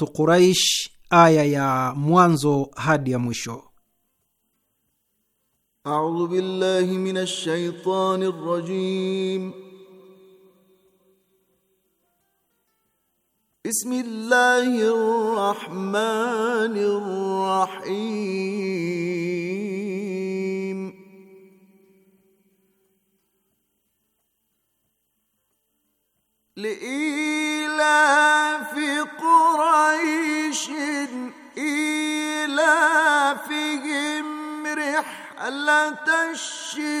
Suratu Quraish, aya ya mwanzo hadi ya mwisho. Audhu billahi minash shaitani rajim رحلة الشتاء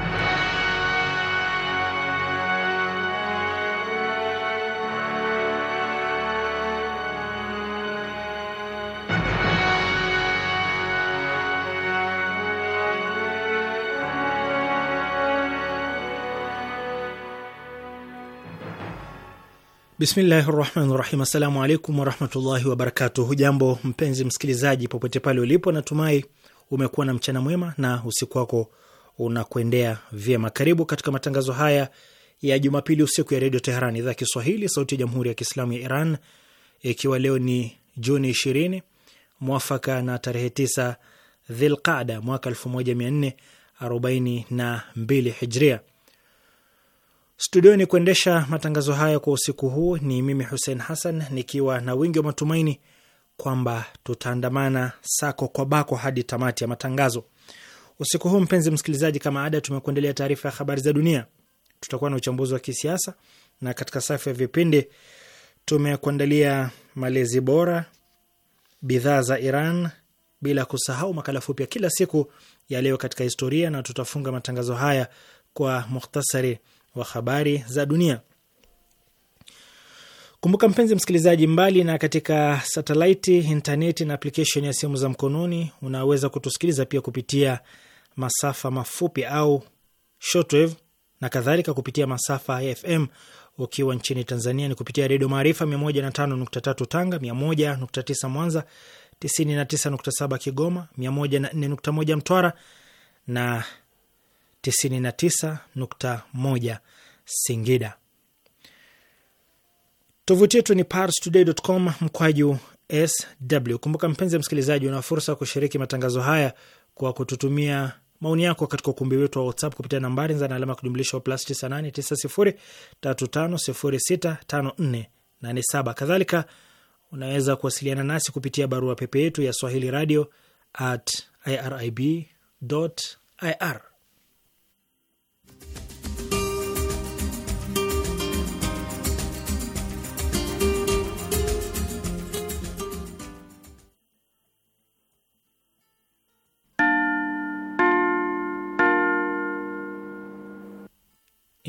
Bismillahi rahmani rahim. Assalamu alaikum warahmatullahi wabarakatuh. Hujambo mpenzi msikilizaji, popote pale ulipo, natumai umekuwa na mchana mwema na usiku wako unakuendea vyema. Karibu katika matangazo haya ya Jumapili usiku ya Redio Teheran, idhaa Kiswahili, sauti ya Jamhuri ya Kiislamu ya Iran, ikiwa leo ni Juni ishirini mwafaka na tarehe tisa Dhilqada mwaka elfu moja mia nne arobaini na mbili hijria. Studioni kuendesha matangazo haya kwa usiku huu ni mimi Hussein Hassan, nikiwa na wingi wa matumaini kwamba tutaandamana sako kwa bako hadi tamati ya matangazo usiku huu. Mpenzi msikilizaji, kama ada, tumekuendelea taarifa ya habari za dunia, tutakuwa na uchambuzi wa kisiasa, na katika safu ya vipindi tumekuandalia malezi bora, bidhaa za Iran, bila kusahau makala fupi ya kila siku ya leo katika historia, na tutafunga matangazo haya kwa mukhtasari wa habari za dunia. Kumbuka mpenzi msikilizaji, mbali na katika satelaiti, intaneti na application ya simu za mkononi, unaweza kutusikiliza pia kupitia masafa mafupi au shortwave na kadhalika kupitia masafa ya FM. Ukiwa nchini Tanzania ni kupitia Redio Maarifa 105.3 Tanga, 101.9 Mwanza, 99.7 Kigoma, 104.1 Mtwara na 99.1 Singida. Tovuti yetu ni parstoday.com mkwaju sw. Kumbuka mpenzi msikilizaji, una fursa kushiriki matangazo haya kwa kututumia maoni yako katika ukumbi wetu wa WhatsApp kupitia nambari za na alama kujumlisha plus 989035065487. Kadhalika unaweza kuwasiliana nasi kupitia barua pepe yetu ya swahili radio at irib ir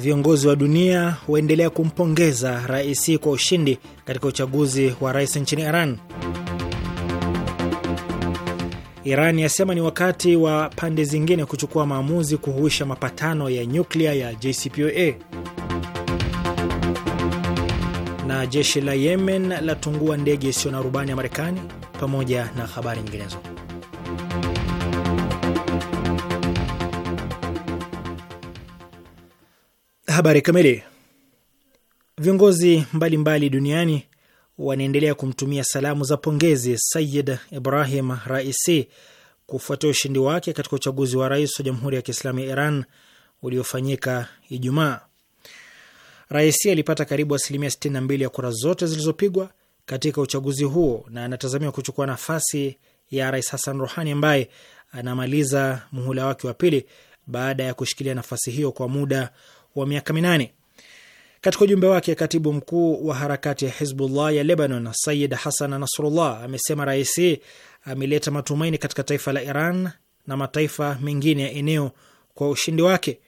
Viongozi wa dunia waendelea kumpongeza Raisi kwa ushindi katika uchaguzi wa rais nchini Iran. Iran yasema ni wakati wa pande zingine kuchukua maamuzi kuhuisha mapatano ya nyuklia ya JCPOA. Na jeshi la Yemen latungua ndege isiyo na rubani ya Marekani, pamoja na habari nyinginezo. Habari kamili. Viongozi mbalimbali mbali duniani wanaendelea kumtumia salamu za pongezi Sayid Ibrahim Raisi kufuatia ushindi wake katika uchaguzi wa rais wa Jamhuri ya Kiislamu ya Iran uliofanyika Ijumaa. Raisi alipata karibu asilimia 62 ya kura zote zilizopigwa katika uchaguzi huo na anatazamiwa kuchukua nafasi ya Rais Hassan Rohani ambaye anamaliza muhula wake wa pili baada ya kushikilia nafasi hiyo kwa muda wa miaka minane. Katika ujumbe wake, katibu mkuu wa harakati ya Hizbullah ya Lebanon Sayid Hasan Nasrullah amesema raisi ameleta matumaini katika taifa la Iran na mataifa mengine ya eneo kwa ushindi wake.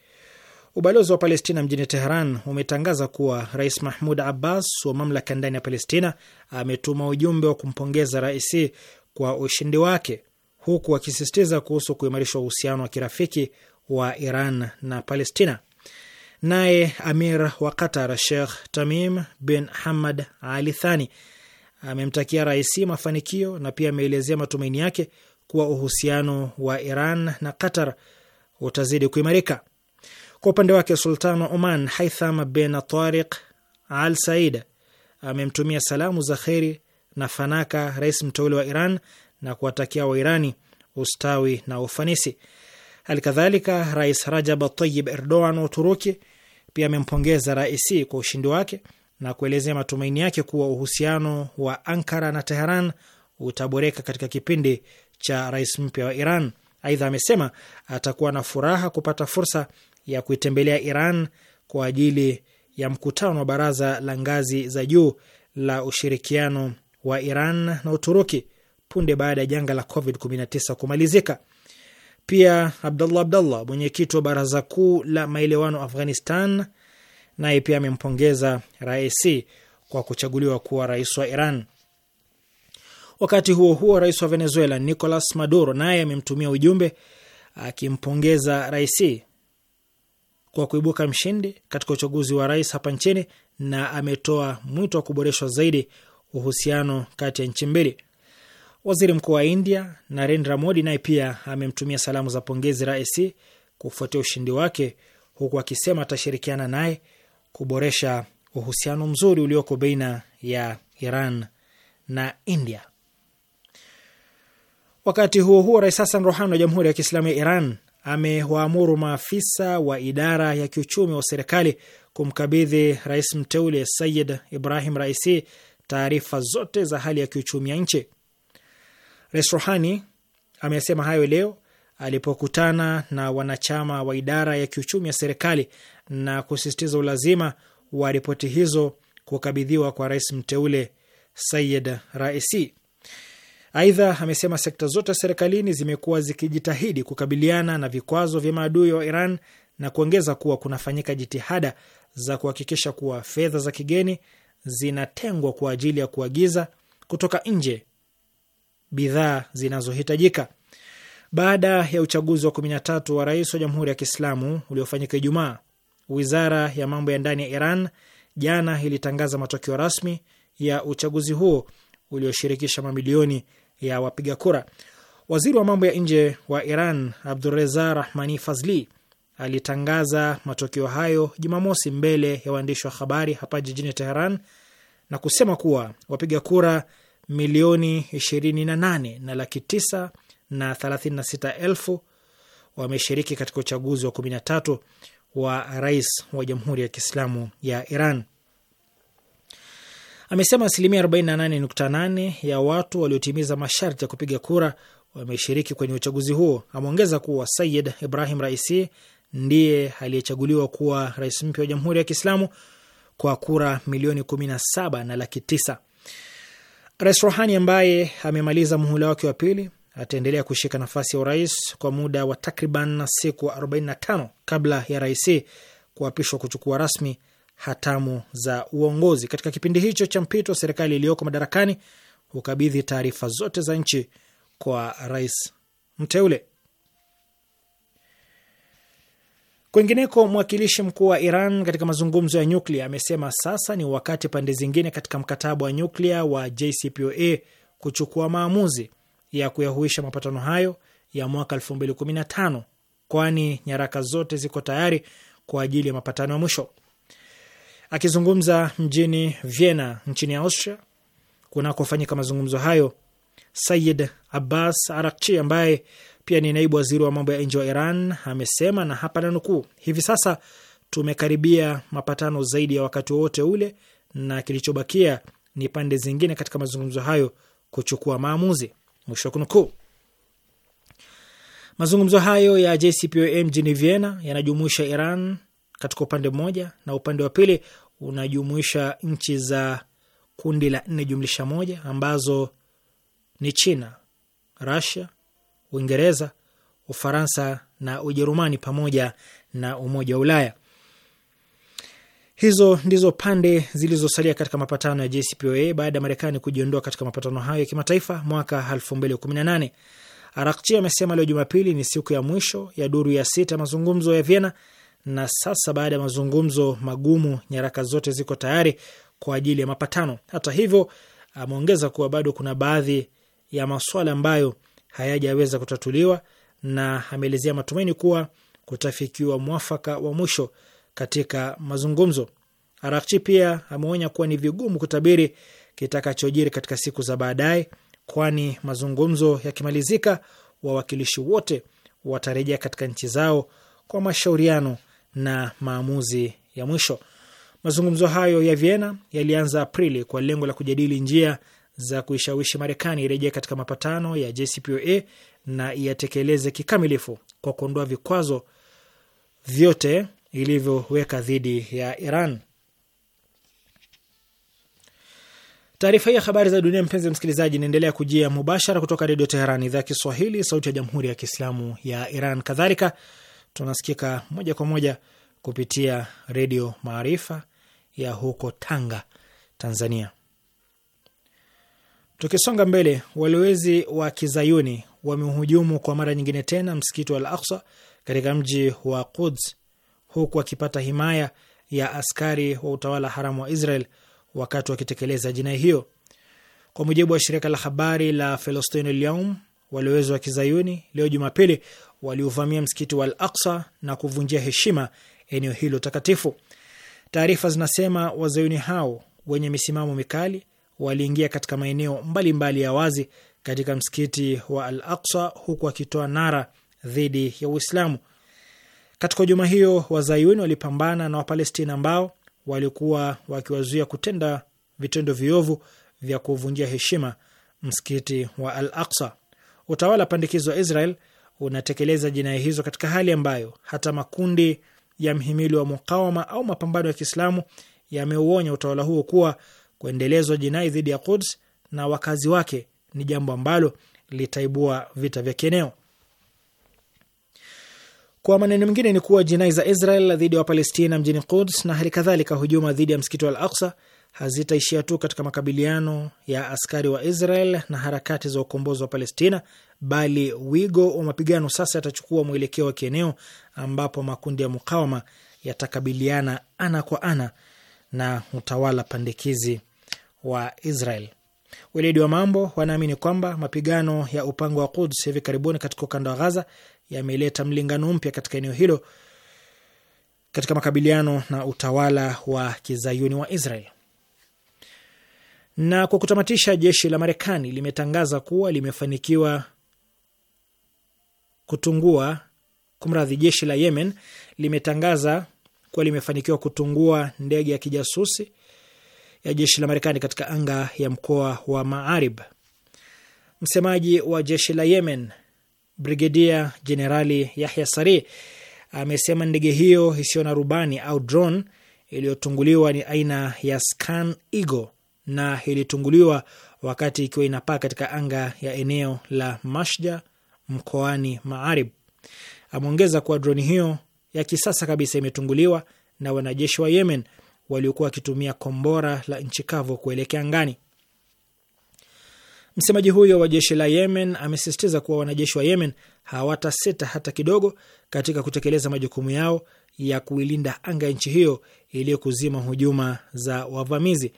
Ubalozi wa Palestina mjini Teheran umetangaza kuwa Rais Mahmud Abbas wa mamlaka ndani ya Palestina ametuma ujumbe wa kumpongeza raisi kwa ushindi wake, huku akisisitiza kuhusu kuimarisha uhusiano wa kirafiki wa Iran na Palestina. Naye amir wa Qatar Sheikh Tamim bin Hamad Ali Thani amemtakia raisi mafanikio na pia ameelezea matumaini yake kuwa uhusiano wa Iran na Qatar utazidi kuimarika. Kwa upande wake, Sultan wa Oman Haitham bin Tariq Al Said amemtumia salamu za kheri na fanaka rais mteule wa Iran na kuwatakia Wairani ustawi na ufanisi. Hali kadhalika, Rais Rajab tayib Erdogan wa Uturuki pia amempongeza Raisi kwa ushindi wake na kuelezea matumaini yake kuwa uhusiano wa Ankara na Teheran utaboreka katika kipindi cha rais mpya wa Iran. Aidha, amesema atakuwa na furaha kupata fursa ya kuitembelea Iran kwa ajili ya mkutano wa baraza la ngazi za juu la ushirikiano wa Iran na Uturuki punde baada ya janga la COVID-19 kumalizika. Pia abdullah abdullah mwenyekiti wa baraza kuu la maelewano Afghanistan, naye pia amempongeza Raisi kwa kuchaguliwa kuwa rais wa Iran. Wakati huo huo, rais wa Venezuela Nicolas Maduro naye amemtumia ujumbe akimpongeza Raisi kwa kuibuka mshindi katika uchaguzi wa rais hapa nchini na ametoa mwito wa kuboreshwa zaidi uhusiano kati ya nchi mbili. Waziri mkuu wa India Narendra Modi naye pia amemtumia salamu za pongezi rais kufuatia ushindi wake, huku akisema atashirikiana naye kuboresha uhusiano mzuri ulioko baina ya Iran na India. Wakati huo huo, Rais Hassan Rohani wa Jamhuri ya Kiislamu ya Iran amewaamuru maafisa wa idara ya kiuchumi wa serikali kumkabidhi rais mteule Sayid Ibrahim Raisi taarifa zote za hali ya kiuchumi ya nchi. Rais Rohani amesema hayo leo alipokutana na wanachama wa idara ya kiuchumi ya serikali na kusisitiza ulazima wa ripoti hizo kukabidhiwa kwa rais mteule Sayid Raisi. Aidha, amesema sekta zote serikalini zimekuwa zikijitahidi kukabiliana na vikwazo vya maadui wa Iran na kuongeza kuwa kunafanyika jitihada za kuhakikisha kuwa fedha za kigeni zinatengwa kwa ajili ya kuagiza kutoka nje bidhaa zinazohitajika. Baada ya uchaguzi wa 13 wa rais wa Jamhuri ya Kiislamu uliofanyika Ijumaa, wizara ya mambo ya ndani ya Iran jana ilitangaza matokeo rasmi ya uchaguzi huo ulioshirikisha mamilioni ya wapiga kura. Waziri wa mambo ya nje wa Iran Abdureza Rahmani Fazli alitangaza matokeo hayo Jumamosi mbele ya waandishi wa habari hapa jijini Teheran na kusema kuwa wapiga kura milioni 28 na laki 9 na 36 elfu wameshiriki katika uchaguzi wa 13 wa rais wa Jamhuri ya Kiislamu ya Iran. Amesema asilimia 48.8 ya watu waliotimiza masharti ya kupiga kura wameshiriki kwenye uchaguzi huo. Ameongeza kuwa Sayid Ibrahim Raisi ndiye aliyechaguliwa kuwa rais mpya wa Jamhuri ya Kiislamu kwa kura milioni 17 na laki 9. Rais Rohani ambaye amemaliza muhula wake wa pili ataendelea kushika nafasi ya urais kwa muda wa takriban siku 45 kabla ya rais kuapishwa kuchukua rasmi hatamu za uongozi. Katika kipindi hicho cha mpito, serikali iliyoko madarakani hukabidhi taarifa zote za nchi kwa rais mteule. Kwingineko, mwakilishi mkuu wa Iran katika mazungumzo ya nyuklia amesema sasa ni wakati pande zingine katika mkataba wa nyuklia wa JCPOA kuchukua maamuzi ya kuyahuisha mapatano hayo ya mwaka 2015 kwani nyaraka zote ziko tayari kwa ajili ya mapatano ya mwisho. Akizungumza mjini Vienna nchini Austria kunakofanyika mazungumzo hayo, Sayid Abbas Arakchi ambaye pia ni naibu waziri wa mambo ya nje wa Iran, amesema na hapa nanukuu, hivi sasa tumekaribia mapatano zaidi ya wakati wowote ule na kilichobakia ni pande zingine katika mazungumzo hayo kuchukua maamuzi, mwisho wa kunukuu. Mazungumzo hayo ya JCPOA mjini Vienna yanajumuisha Iran katika upande mmoja na upande wa pili unajumuisha nchi za kundi la nne jumlisha moja ambazo ni China, Russia, Uingereza, Ufaransa na Ujerumani pamoja na Umoja wa Ulaya. Hizo ndizo pande zilizosalia katika mapatano ya JCPOA baada ya Marekani kujiondoa katika mapatano hayo ya kimataifa mwaka 2018. Arakchi amesema leo Jumapili ni siku ya mwisho ya duru ya sita mazungumzo ya Viena, na sasa baada ya mazungumzo magumu, nyaraka zote ziko tayari kwa ajili ya mapatano. Hata hivyo, ameongeza kuwa bado kuna baadhi ya maswala ambayo hayajaweza kutatuliwa na ameelezea matumaini kuwa kutafikiwa mwafaka wa mwisho katika mazungumzo. Arakchi pia ameonya kuwa ni vigumu kutabiri kitakachojiri katika siku za baadaye, kwani mazungumzo yakimalizika, wawakilishi wote watarejea katika nchi zao kwa mashauriano na maamuzi ya mwisho. Mazungumzo hayo ya viena yalianza Aprili kwa lengo la kujadili njia za kuishawishi Marekani irejee katika mapatano ya JCPOA na iyatekeleze kikamilifu kwa kuondoa vikwazo vyote ilivyoweka dhidi ya Iran. Taarifa hii ya habari za dunia, mpenzi msikilizaji, inaendelea kujia mubashara kutoka Redio Teheran, idhaa ya Kiswahili, sauti ya jamhuri ya kiislamu ya Iran. Kadhalika tunasikika moja kwa moja kupitia Redio Maarifa ya huko Tanga, Tanzania. Tukisonga mbele, walowezi wa kizayuni wamehujumu kwa mara nyingine tena msikiti wa Al Aksa katika mji wa Quds huku wakipata himaya ya askari wa utawala haramu wa Israel wakati wakitekeleza jinai hiyo. Kwa mujibu wa shirika la habari la Felostin Lyaum, walowezi wa kizayuni leo Jumapili waliuvamia msikiti wa Al Aksa na kuvunjia heshima eneo hilo takatifu. Taarifa zinasema wazayuni hao wenye misimamo mikali waliingia katika maeneo mbalimbali ya wazi katika msikiti wa Al Aksa huku wakitoa nara dhidi ya Uislamu. Katika juma hiyo, wazayuni walipambana na Wapalestina ambao walikuwa wakiwazuia kutenda vitendo viovu vya kuvunjia heshima msikiti wa Al Aksa. Utawala pandikizo wa Israel unatekeleza jinai hizo katika hali ambayo hata makundi ya mhimili wa mukawama au mapambano ya Kiislamu yameuonya utawala huo kuwa kuendelezwa jinai dhidi ya Quds na wakazi wake ni jambo ambalo litaibua vita vya kieneo. Kwa maneno mengine ni kuwa jinai za Israel dhidi ya Wapalestina mjini Quds na hali kadhalika hujuma dhidi ya msikiti wa Al Aksa hazitaishia tu katika makabiliano ya askari wa Israel na harakati za ukombozi wa Palestina, bali wigo wa mapigano sasa yatachukua mwelekeo wa kieneo, ambapo makundi ya mukawama yatakabiliana ana kwa ana na utawala pandikizi wa Israel. Weledi wa mambo wanaamini kwamba mapigano ya upango wa Quds hivi karibuni katika ukanda wa Ghaza yameleta mlingano mpya katika eneo hilo katika makabiliano na utawala wa kizayuni wa Israel. Na kwa kutamatisha, jeshi la Marekani limetangaza kuwa limefanikiwa kutungua, kumradhi, jeshi la Yemen limetangaza kuwa limefanikiwa kutungua ndege ya kijasusi ya jeshi la Marekani katika anga ya mkoa wa Maarib. Msemaji wa jeshi la Yemen, Brigedia Jenerali Yahya Sari amesema ndege hiyo isiyo na rubani au drone iliyotunguliwa ni aina ya Scan Eagle na ilitunguliwa wakati ikiwa inapaa katika anga ya eneo la Mashja mkoani Maarib. Ameongeza kuwa droni hiyo ya kisasa kabisa imetunguliwa na wanajeshi wa Yemen waliokuwa wakitumia kombora la nchi kavu kuelekea angani. Msemaji huyo wa jeshi la Yemen amesisitiza kuwa wanajeshi wa Yemen hawatasita hata kidogo katika kutekeleza majukumu yao ya kuilinda anga ya nchi hiyo iliyokuzima hujuma za wavamizi.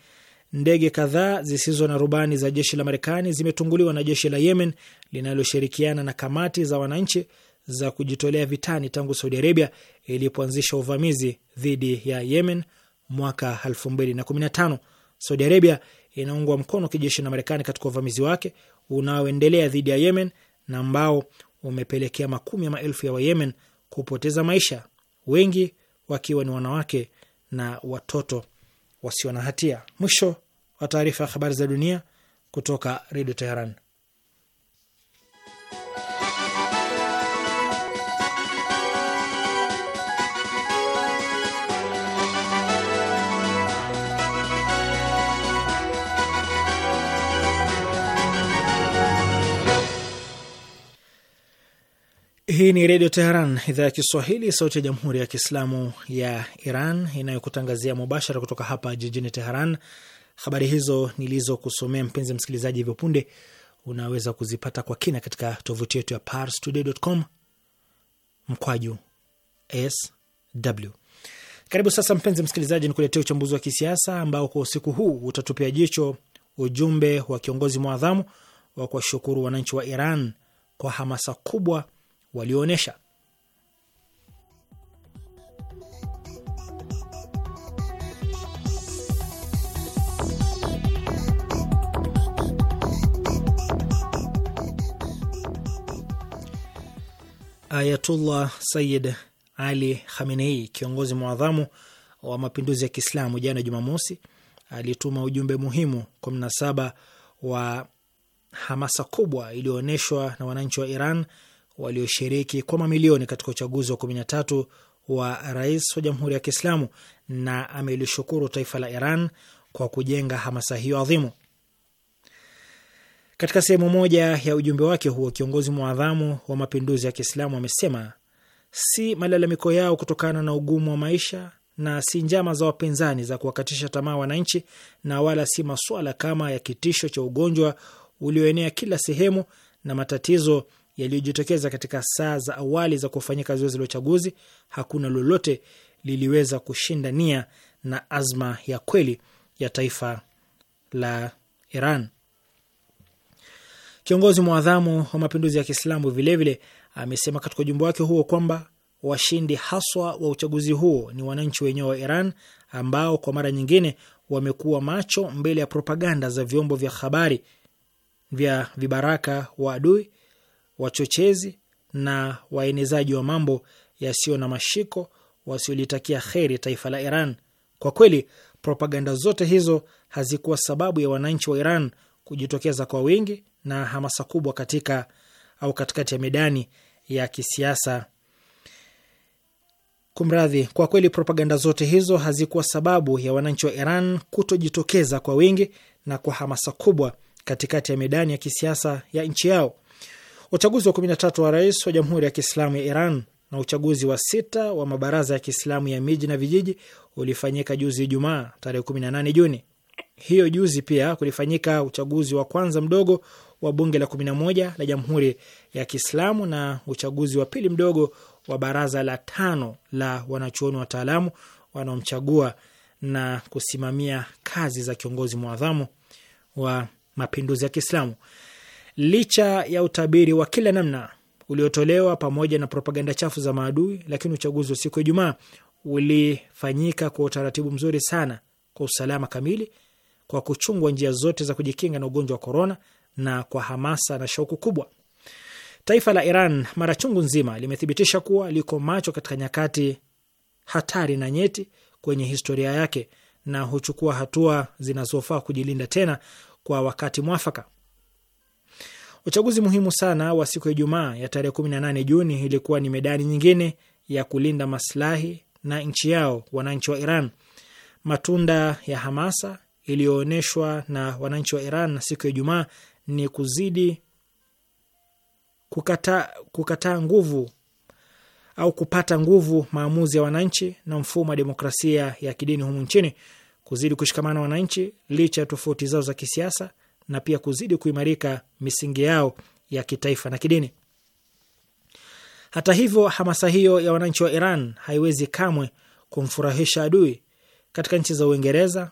Ndege kadhaa zisizo na rubani za jeshi la Marekani zimetunguliwa na jeshi la Yemen linaloshirikiana na kamati za wananchi za kujitolea vitani tangu Saudi Arabia ilipoanzisha uvamizi dhidi ya Yemen mwaka 2015. Saudi Arabia inaungwa mkono kijeshi na Marekani katika uvamizi wake unaoendelea dhidi ya Yemen na ambao umepelekea makumi ya maelfu ya Wayemen kupoteza maisha, wengi wakiwa ni wanawake na watoto wasio na hatia. Mwisho wa taarifa ya habari za dunia kutoka Redio Teheran. Hii ni Redio Teheran, idhaa ya Kiswahili, sauti ya Jamhuri ya Kiislamu ya Iran inayokutangazia mubashara kutoka hapa jijini Teheran. Habari hizo nilizokusomea mpenzi msikilizaji hivyo punde unaweza kuzipata kwa kina katika tovuti yetu ya parstoday.com mkwaju sw. Karibu sasa, mpenzi msikilizaji, ni kuletea uchambuzi wa kisiasa ambao kwa usiku huu utatupia jicho ujumbe wa kiongozi mwadhamu wa kuwashukuru wananchi wa Iran kwa hamasa kubwa walioonyesha. Ayatullah Sayid Ali Khamenei, kiongozi mwadhamu wa mapinduzi ya Kiislamu, jana Jumamosi alituma ujumbe muhimu kwa mnasaba wa hamasa kubwa iliyoonyeshwa na wananchi wa Iran walioshiriki kwa mamilioni katika uchaguzi wa 13 wa rais wa Jamhuri ya Kiislamu na amelishukuru taifa la Iran kwa kujenga hamasa hiyo adhimu. Katika sehemu moja ya ujumbe wake huo, kiongozi mwadhamu wa mapinduzi ya Kiislamu amesema si malalamiko yao kutokana na ugumu wa maisha na si njama za wapinzani za kuwakatisha tamaa wananchi, na wala si masuala kama ya kitisho cha ugonjwa ulioenea kila sehemu na matatizo yaliyojitokeza katika saa za awali za kufanyika zoezi la uchaguzi, hakuna lolote liliweza kushinda nia na azma ya kweli ya taifa la Iran. Kiongozi mwadhamu wa mapinduzi ya Kiislamu vilevile amesema katika ujumbe wake huo kwamba washindi haswa wa uchaguzi huo ni wananchi wenyewe wa Iran ambao kwa mara nyingine wamekuwa macho mbele ya propaganda za vyombo vya habari vya vibaraka wa adui wachochezi na waenezaji wa mambo yasiyo na mashiko wasiolitakia kheri taifa la Iran. Kwa kweli, propaganda zote hizo hazikuwa sababu ya wananchi wa Iran kujitokeza kwa wingi na hamasa kubwa katika au katikati ya medani ya kisiasa. Kumradhi, kwa kweli propaganda zote hizo hazikuwa sababu ya wananchi wa Iran kutojitokeza kwa wingi na kwa hamasa kubwa katikati ya medani ya kisiasa ya nchi yao. Uchaguzi wa 13 wa rais wa Jamhuri ya Kiislamu ya Iran na uchaguzi wa sita wa mabaraza ya Kiislamu ya miji na vijiji ulifanyika juzi Ijumaa tarehe 18 Juni. Hiyo juzi pia kulifanyika uchaguzi wa kwanza mdogo wa bunge la 11 la Jamhuri ya Kiislamu na uchaguzi wa pili mdogo wa baraza la tano la wanachuoni wataalamu wanaomchagua na kusimamia kazi za kiongozi mwadhamu wa mapinduzi ya Kiislamu. Licha ya utabiri wa kila namna uliotolewa pamoja na propaganda chafu za maadui, lakini uchaguzi wa siku ya Ijumaa ulifanyika kwa utaratibu mzuri sana, kwa usalama kamili, kwa kuchungwa njia zote za kujikinga na ugonjwa wa korona, na kwa hamasa na shauku kubwa. Taifa la Iran mara chungu nzima limethibitisha kuwa liko macho katika nyakati hatari na nyeti kwenye historia yake na huchukua hatua zinazofaa kujilinda tena kwa wakati mwafaka. Uchaguzi muhimu sana wa siku ya Ijumaa ya tarehe 18 Juni ilikuwa ni medani nyingine ya kulinda maslahi na nchi yao wananchi wa Iran. Matunda ya hamasa iliyoonyeshwa na wananchi wa Iran na siku ya Ijumaa ni kuzidi kukataa kukata nguvu au kupata nguvu maamuzi ya wananchi na mfumo wa demokrasia ya kidini humu nchini, kuzidi kushikamana wananchi licha ya tofauti zao za kisiasa na pia kuzidi kuimarika misingi yao ya kitaifa na kidini. Hata hivyo, hamasa hiyo ya wananchi wa Iran haiwezi kamwe kumfurahisha adui. Katika nchi za Uingereza,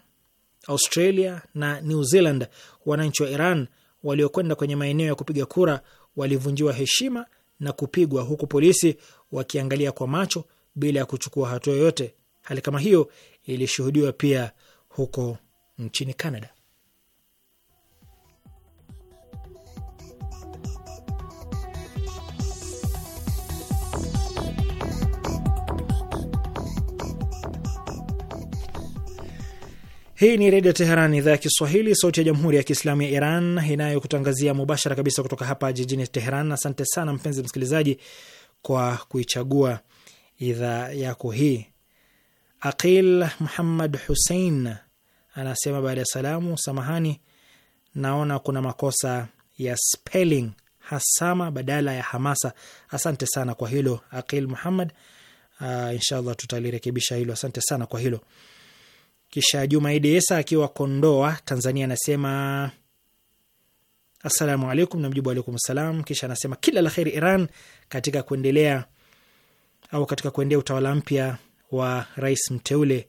Australia na New Zealand, wananchi wa Iran waliokwenda kwenye maeneo ya kupiga kura walivunjiwa heshima na kupigwa, huku polisi wakiangalia kwa macho bila ya kuchukua hatua yoyote. Hali kama hiyo ilishuhudiwa pia huko nchini Canada. Hii ni Redio Teheran, idhaa ya Kiswahili, sauti ya Jamhuri ya Kiislamu ya Iran, inayokutangazia mubashara kabisa kutoka hapa jijini Teheran. Asante sana mpenzi msikilizaji kwa kuichagua idhaa yako hii. Aqil Muhammad Hussein anasema baada ya salamu, samahani, naona kuna makosa ya spelling, hasama badala ya hamasa. Asante sana kwa hilo Aqil Muhammad. Uh, inshallah tutalirekebisha hilo. Asante sana kwa hilo. Kisha Jumaidi Isa akiwa Kondoa, Tanzania, anasema assalamu alaikum, na mjibu alaikum salam. Kisha anasema kila la kheri Iran katika kuendelea au katika kuendea utawala mpya wa rais mteule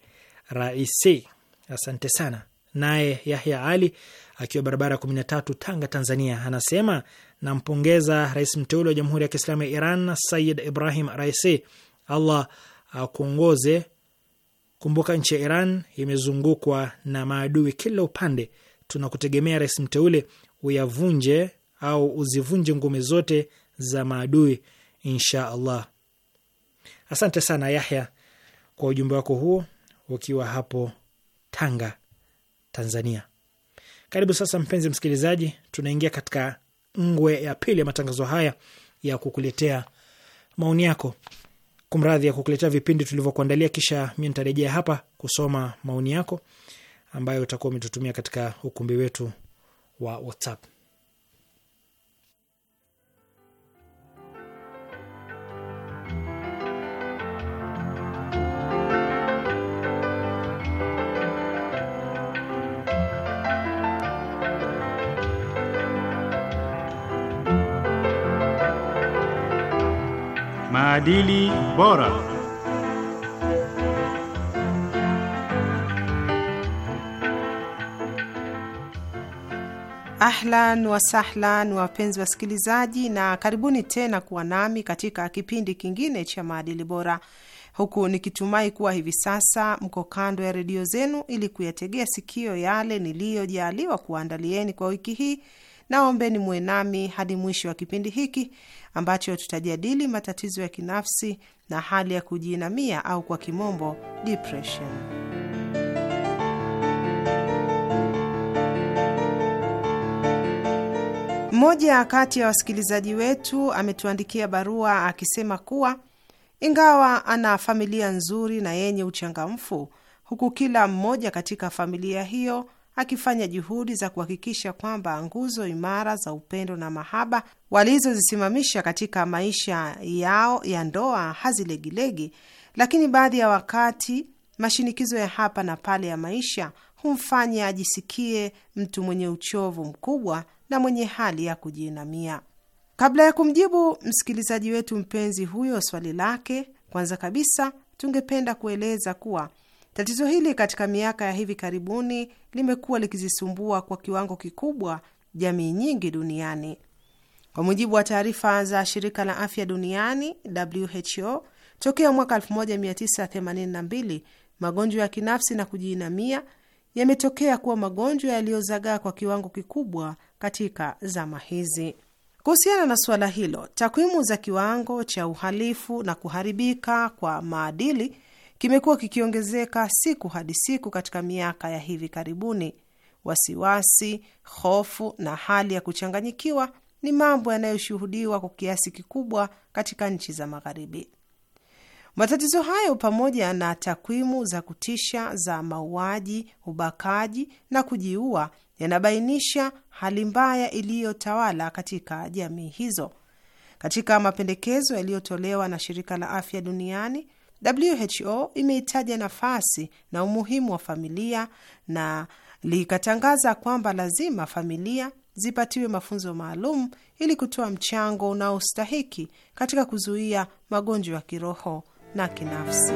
Raisi. Asante sana. Naye Yahya Ali akiwa barabara kumi na tatu Tanga, Tanzania, anasema nampongeza rais mteule wa Jamhuri ya Kiislamu ya Iran Sayid Ibrahim Raisi, Allah akuongoze Kumbuka nchi ya Iran imezungukwa na maadui kila upande. Tunakutegemea rais mteule, uyavunje au uzivunje ngome zote za maadui, insha Allah. Asante sana Yahya kwa ujumbe wako huo, ukiwa hapo Tanga, Tanzania. Karibu sasa, mpenzi msikilizaji, tunaingia katika ngwe ya pili ya matangazo haya ya kukuletea maoni yako kumradhi, ya kukuletea vipindi tulivyokuandalia, kisha mi nitarejea hapa kusoma maoni yako ambayo utakuwa umetutumia katika ukumbi wetu wa WhatsApp. Maadili Bora. Ahlan wasahlan, wapenzi wasikilizaji, na karibuni tena kuwa nami katika kipindi kingine cha maadili bora, huku nikitumai kuwa hivi sasa mko kando ya redio zenu ili kuyategea sikio yale niliyojaaliwa kuwaandalieni kwa wiki hii Naombeni muwe nami hadi mwisho wa kipindi hiki ambacho tutajadili matatizo ya kinafsi na hali ya kujiinamia au kwa kimombo depression. Mmoja kati ya wasikilizaji wetu ametuandikia barua akisema kuwa ingawa ana familia nzuri na yenye uchangamfu, huku kila mmoja katika familia hiyo akifanya juhudi za kuhakikisha kwamba nguzo imara za upendo na mahaba walizozisimamisha katika maisha yao ya ndoa hazilegilegi, lakini baadhi ya wakati mashinikizo ya hapa na pale ya maisha humfanya ajisikie mtu mwenye uchovu mkubwa na mwenye hali ya kujiinamia. Kabla ya kumjibu msikilizaji wetu mpenzi huyo swali lake, kwanza kabisa tungependa kueleza kuwa Tatizo hili katika miaka ya hivi karibuni limekuwa likizisumbua kwa kiwango kikubwa jamii nyingi duniani. Kwa mujibu wa taarifa za shirika la afya duniani WHO, tokea mwaka 1982 magonjwa ya kinafsi na kujiinamia yametokea kuwa magonjwa yaliyozagaa kwa kiwango kikubwa katika zama hizi. Kuhusiana na suala hilo, takwimu za kiwango cha uhalifu na kuharibika kwa maadili kimekuwa kikiongezeka siku hadi siku katika miaka ya hivi karibuni. Wasiwasi, hofu na hali ya kuchanganyikiwa ni mambo yanayoshuhudiwa kwa kiasi kikubwa katika nchi za Magharibi. Matatizo hayo pamoja na takwimu za kutisha za mauaji, ubakaji na kujiua yanabainisha hali mbaya iliyotawala katika jamii hizo. Katika mapendekezo yaliyotolewa na Shirika la Afya Duniani, WHO imeitaja nafasi na umuhimu wa familia na likatangaza kwamba lazima familia zipatiwe mafunzo maalum ili kutoa mchango unaostahiki katika kuzuia magonjwa ya kiroho na kinafsi.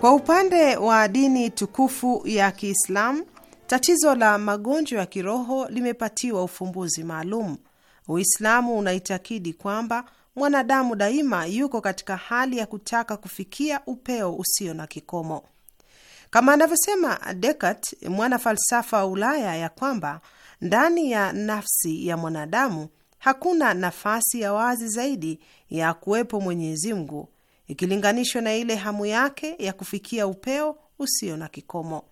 Kwa upande wa dini tukufu ya Kiislamu, Tatizo la magonjwa ya kiroho limepatiwa ufumbuzi maalum. Uislamu unaitakidi kwamba mwanadamu daima yuko katika hali ya kutaka kufikia upeo usio na kikomo, kama anavyosema Descartes, mwana falsafa wa Ulaya, ya kwamba ndani ya nafsi ya mwanadamu hakuna nafasi ya wazi zaidi ya kuwepo Mwenyezi Mungu ikilinganishwa na ile hamu yake ya kufikia upeo usio na kikomo.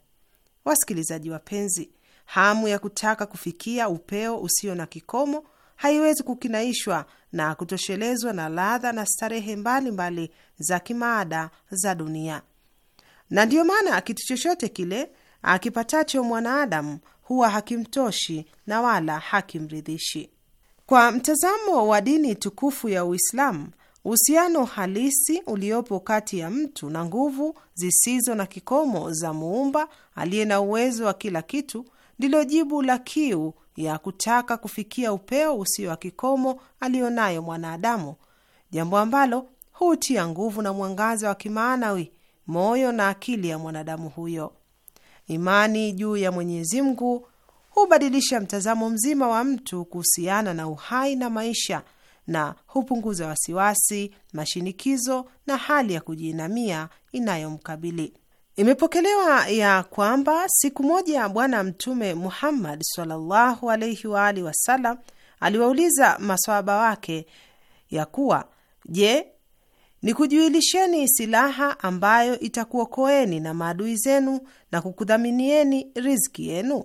Wasikilizaji wapenzi, hamu ya kutaka kufikia upeo usio na kikomo haiwezi kukinaishwa na kutoshelezwa na ladha na starehe mbalimbali mbali za kimaada za dunia, na ndiyo maana kitu chochote kile akipatacho mwanaadamu huwa hakimtoshi na wala hakimridhishi. Kwa mtazamo wa dini tukufu ya Uislamu, Uhusiano halisi uliopo kati ya mtu na nguvu zisizo na kikomo za muumba aliye na uwezo wa kila kitu ndilo jibu la kiu ya kutaka kufikia upeo usio wa kikomo aliyonayo mwanadamu, jambo ambalo hutia nguvu na mwangaza wa kimaanawi moyo na akili ya mwanadamu huyo. Imani juu ya Mwenyezi Mungu hubadilisha mtazamo mzima wa mtu kuhusiana na uhai na maisha na hupunguza wasiwasi, mashinikizo na hali ya kujiinamia inayomkabili. Imepokelewa ya kwamba siku moja Bwana Mtume Muhammad sallallahu alaihi wa alihi wasallam aliwauliza maswahaba wake ya kuwa, je, nikujuilisheni silaha ambayo itakuokoeni na maadui zenu na kukudhaminieni riziki yenu?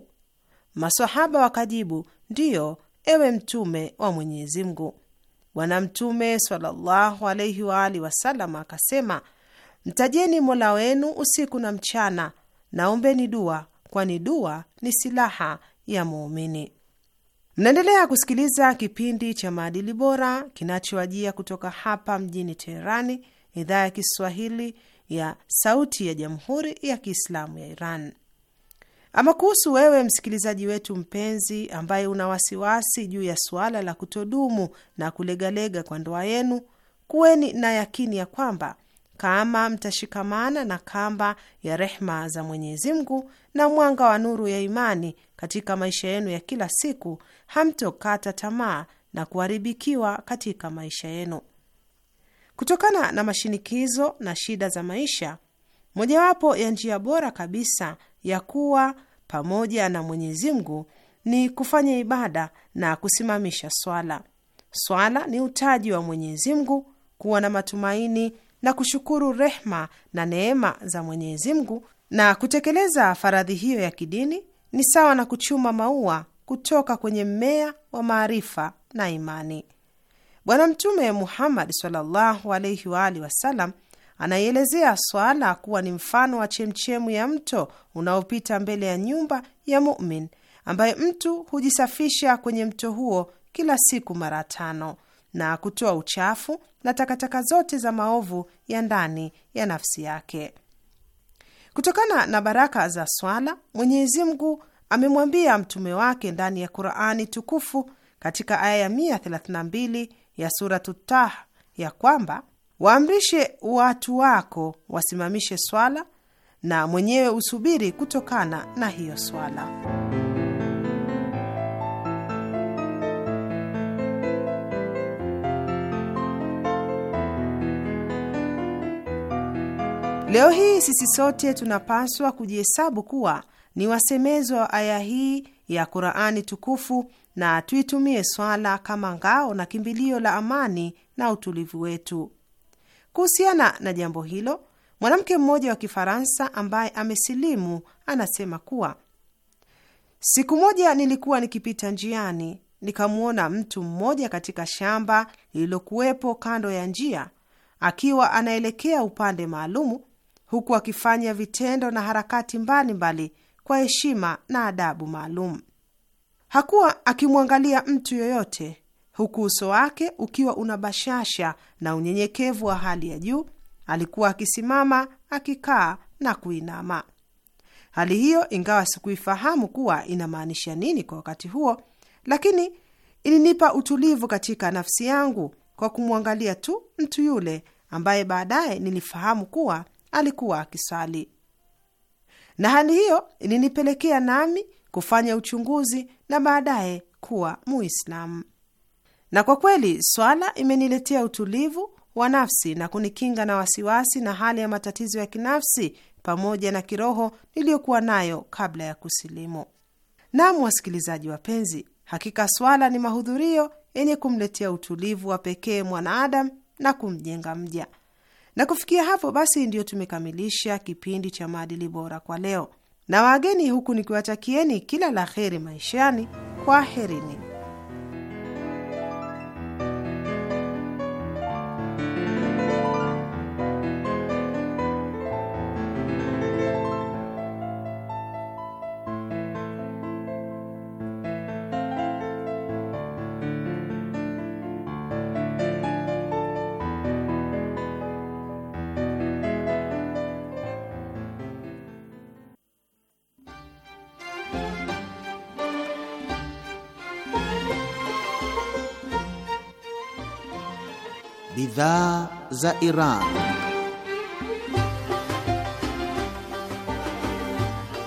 Maswahaba wakajibu, ndiyo, ewe Mtume wa Mwenyezi Mungu. Bwana Mtume sallallahu alaihi wa alihi wasallam akasema, mtajeni mola wenu usiku na mchana, naombeni dua, kwani dua ni silaha ya muumini. Mnaendelea kusikiliza kipindi cha maadili bora kinachoajia kutoka hapa mjini Teherani, idhaa ya Kiswahili ya Sauti ya Jamhuri ya Kiislamu ya Iran. Ama kuhusu wewe msikilizaji wetu mpenzi, ambaye una wasiwasi juu ya suala la kutodumu na kulegalega kwa ndoa yenu, kuweni na yakini ya kwamba kama mtashikamana na kamba ya rehma za Mwenyezi Mungu na mwanga wa nuru ya imani katika maisha yenu ya kila siku, hamtokata tamaa na kuharibikiwa katika maisha yenu kutokana na mashinikizo na shida za maisha. Mojawapo ya njia bora kabisa ya kuwa pamoja na Mwenyezi Mungu ni kufanya ibada na kusimamisha swala. Swala ni utaji wa Mwenyezi Mungu, kuwa na matumaini na kushukuru rehma na neema za Mwenyezi Mungu, na kutekeleza faradhi hiyo ya kidini ni sawa na kuchuma maua kutoka kwenye mmea wa maarifa na imani. Bwana Mtume Muhammad sallallahu alaihi wa alihi wasallam Anaielezea swala kuwa ni mfano wa chemchemu ya mto unaopita mbele ya nyumba ya mumin, ambaye mtu hujisafisha kwenye mto huo kila siku mara tano na kutoa uchafu na takataka zote za maovu ya ndani ya nafsi yake. Kutokana na baraka za swala, Mwenyezi Mungu amemwambia mtume wake ndani ya Qurani tukufu katika aya ya 132 ya Suratu Taha ya kwamba Waamrishe watu wako wasimamishe swala na mwenyewe usubiri kutokana na hiyo swala. Leo hii sisi sote tunapaswa kujihesabu kuwa ni wasemezwa wa aya hii ya Qur'ani tukufu na tuitumie swala kama ngao na kimbilio la amani na utulivu wetu. Kuhusiana na jambo hilo, mwanamke mmoja wa Kifaransa ambaye amesilimu anasema kuwa siku moja nilikuwa nikipita njiani nikamwona mtu mmoja katika shamba lililokuwepo kando ya njia akiwa anaelekea upande maalumu huku akifanya vitendo na harakati mbalimbali mbali kwa heshima na adabu maalum. Hakuwa akimwangalia mtu yoyote huku uso wake ukiwa una bashasha na unyenyekevu wa hali ya juu. Alikuwa akisimama, akikaa na kuinama. Hali hiyo, ingawa sikuifahamu kuwa inamaanisha nini kwa wakati huo, lakini ilinipa utulivu katika nafsi yangu kwa kumwangalia tu mtu yule ambaye baadaye nilifahamu kuwa alikuwa akisali, na hali hiyo ilinipelekea nami kufanya uchunguzi na baadaye kuwa Muislamu na kwa kweli swala imeniletea utulivu wa nafsi na kunikinga na wasiwasi na hali ya matatizo ya kinafsi pamoja na kiroho niliyokuwa nayo kabla ya kusilimu. Naam, wasikilizaji wapenzi, hakika swala ni mahudhurio yenye kumletea utulivu wa pekee mwanaadam na kumjenga mja. Na kufikia hapo basi, ndiyo tumekamilisha kipindi cha maadili bora kwa leo na wageni, huku nikiwatakieni kila la heri maishani. Kwaherini. bidhaa za Iran.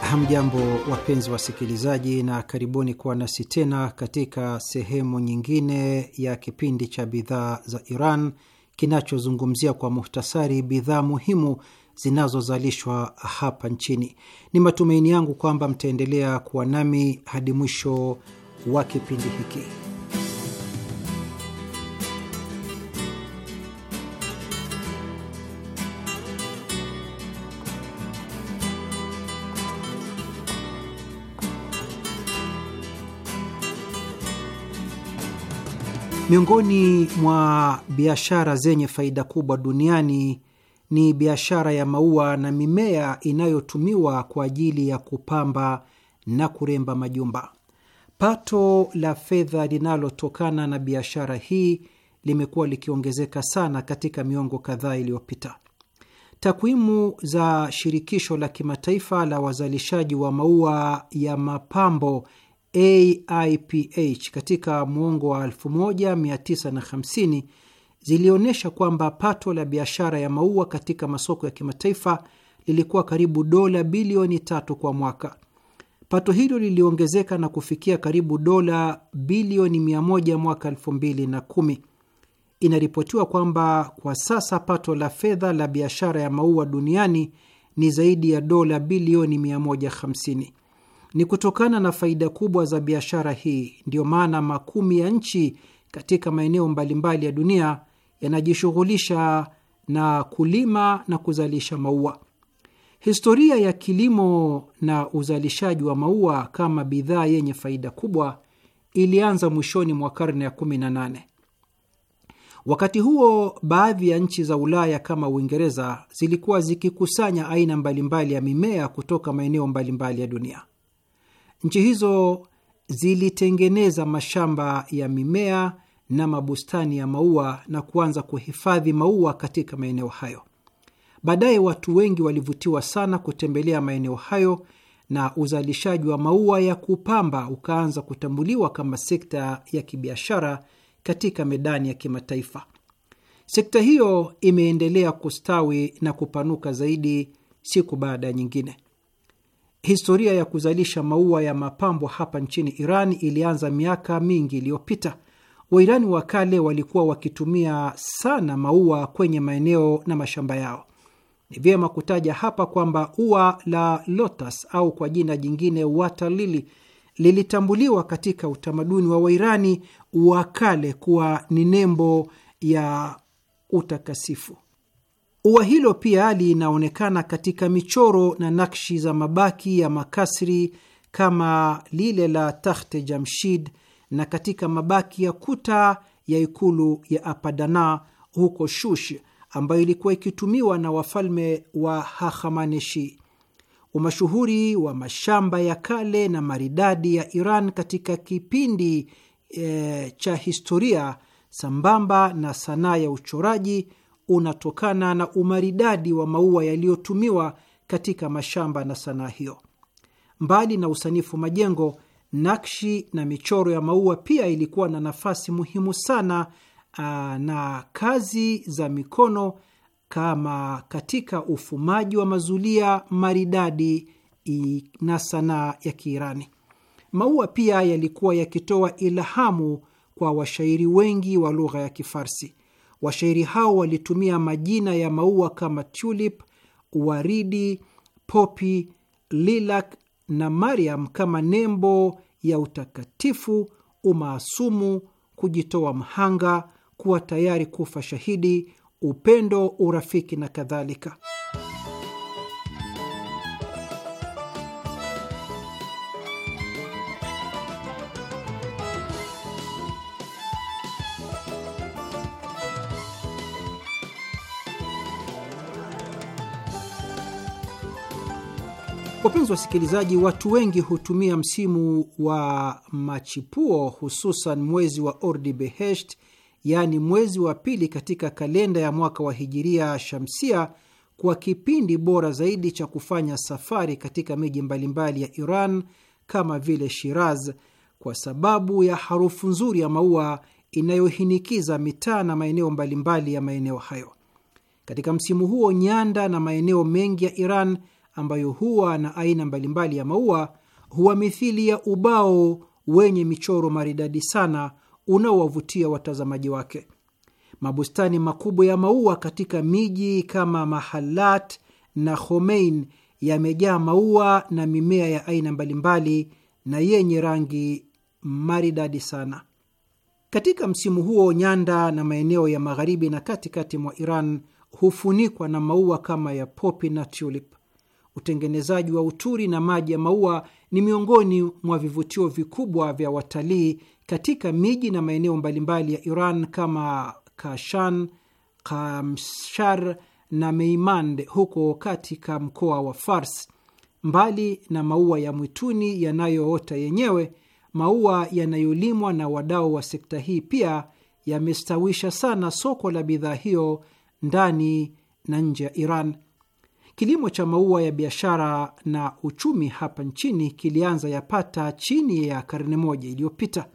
Hamjambo, wapenzi wasikilizaji, na karibuni kuwa nasi tena katika sehemu nyingine ya kipindi cha bidhaa za Iran kinachozungumzia kwa muhtasari bidhaa muhimu zinazozalishwa hapa nchini. Ni matumaini yangu kwamba mtaendelea kuwa nami hadi mwisho wa kipindi hiki. Miongoni mwa biashara zenye faida kubwa duniani ni biashara ya maua na mimea inayotumiwa kwa ajili ya kupamba na kuremba majumba. Pato la fedha linalotokana na biashara hii limekuwa likiongezeka sana katika miongo kadhaa iliyopita. Takwimu za shirikisho la kimataifa la wazalishaji wa maua ya mapambo AIPH katika mwongo wa 1950 zilionyesha kwamba pato la biashara ya maua katika masoko ya kimataifa lilikuwa karibu dola bilioni tatu kwa mwaka. Pato hilo liliongezeka na kufikia karibu dola bilioni 100 mwaka 2010. Inaripotiwa kwamba kwa sasa pato la fedha la biashara ya maua duniani ni zaidi ya dola bilioni 150. Ni kutokana na faida kubwa za biashara hii ndiyo maana makumi ya nchi katika maeneo mbalimbali ya dunia yanajishughulisha na kulima na kuzalisha maua. Historia ya kilimo na uzalishaji wa maua kama bidhaa yenye faida kubwa ilianza mwishoni mwa karne ya 18. Wakati huo baadhi ya nchi za Ulaya kama Uingereza zilikuwa zikikusanya aina mbalimbali ya mimea kutoka maeneo mbalimbali ya dunia. Nchi hizo zilitengeneza mashamba ya mimea na mabustani ya maua na kuanza kuhifadhi maua katika maeneo hayo. Baadaye watu wengi walivutiwa sana kutembelea maeneo hayo na uzalishaji wa maua ya kupamba ukaanza kutambuliwa kama sekta ya kibiashara katika medani ya kimataifa. Sekta hiyo imeendelea kustawi na kupanuka zaidi siku baada ya nyingine. Historia ya kuzalisha maua ya mapambo hapa nchini Iran ilianza miaka mingi iliyopita. Wairani wa kale walikuwa wakitumia sana maua kwenye maeneo na mashamba yao. Ni vyema kutaja hapa kwamba ua la lotus au kwa jina jingine water lily lilitambuliwa katika utamaduni wa Wairani wa kale kuwa ni nembo ya utakasifu. Ua hilo pia linaonekana katika michoro na nakshi za mabaki ya makasri kama lile la tahte Jamshid na katika mabaki ya kuta ya ikulu ya Apadana huko Shush ambayo ilikuwa ikitumiwa na wafalme wa Hahamaneshi. Umashuhuri wa mashamba ya kale na maridadi ya Iran katika kipindi e, cha historia sambamba na sanaa ya uchoraji unatokana na umaridadi wa maua yaliyotumiwa katika mashamba na sanaa hiyo. Mbali na usanifu majengo, nakshi na michoro ya maua pia ilikuwa na nafasi muhimu sana aa, na kazi za mikono kama katika ufumaji wa mazulia maridadi na sanaa ya Kiirani. Maua pia yalikuwa yakitoa ilhamu kwa washairi wengi wa lugha ya Kifarsi. Washairi hao walitumia majina ya maua kama tulip, waridi, popi, lilac na Mariam kama nembo ya utakatifu, umaasumu, kujitoa mhanga, kuwa tayari kufa shahidi, upendo, urafiki na kadhalika. Wapenzi wasikilizaji, watu wengi hutumia msimu wa machipuo, hususan mwezi wa Ordibehesht, yaani mwezi wa pili katika kalenda ya mwaka wa Hijiria Shamsia, kwa kipindi bora zaidi cha kufanya safari katika miji mbalimbali ya Iran kama vile Shiraz, kwa sababu ya harufu nzuri ya maua inayohinikiza mitaa na maeneo mbalimbali ya maeneo hayo. Katika msimu huo, nyanda na maeneo mengi ya Iran ambayo huwa na aina mbalimbali ya maua huwa mithili ya ubao wenye michoro maridadi sana unaowavutia watazamaji wake. Mabustani makubwa ya maua katika miji kama Mahalat na Khomein yamejaa maua na mimea ya aina mbalimbali na yenye rangi maridadi sana. Katika msimu huo, nyanda na maeneo ya magharibi na katikati mwa Iran hufunikwa na maua kama ya popi na tulip utengenezaji wa uturi na maji ya maua ni miongoni mwa vivutio vikubwa vya watalii katika miji na maeneo mbalimbali ya Iran kama Kashan, Kamshar na Meimand huko katika mkoa wa Fars. Mbali na maua ya mwituni yanayoota yenyewe, maua yanayolimwa na wadau wa sekta hii pia yamestawisha sana soko la bidhaa hiyo ndani na nje ya Iran. Kilimo cha maua ya biashara na uchumi hapa nchini kilianza yapata chini ya karne moja iliyopita.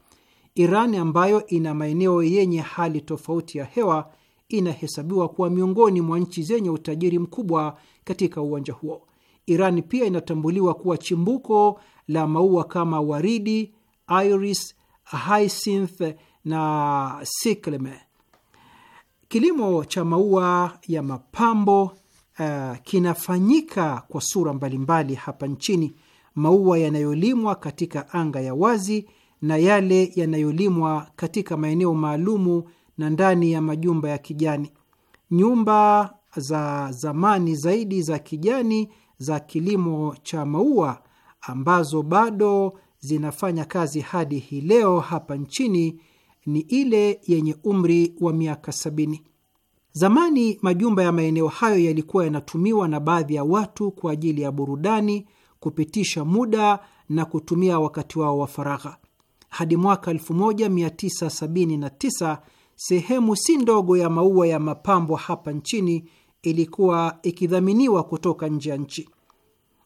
Iran ambayo ina maeneo yenye hali tofauti ya hewa inahesabiwa kuwa miongoni mwa nchi zenye utajiri mkubwa katika uwanja huo. Iran pia inatambuliwa kuwa chimbuko la maua kama waridi, iris, hyacinth na sikleme. Kilimo cha maua ya mapambo uh, kinafanyika kwa sura mbalimbali hapa nchini: maua yanayolimwa katika anga ya wazi na yale yanayolimwa katika maeneo maalumu na ndani ya majumba ya kijani. Nyumba za zamani zaidi za kijani za kilimo cha maua ambazo bado zinafanya kazi hadi hii leo hapa nchini ni ile yenye umri wa miaka sabini. Zamani majumba ya maeneo hayo yalikuwa yanatumiwa na baadhi ya watu kwa ajili ya burudani, kupitisha muda na kutumia wakati wao wa faragha. Hadi mwaka 1979 sehemu si ndogo ya maua ya mapambo hapa nchini ilikuwa ikidhaminiwa kutoka nje ya nchi.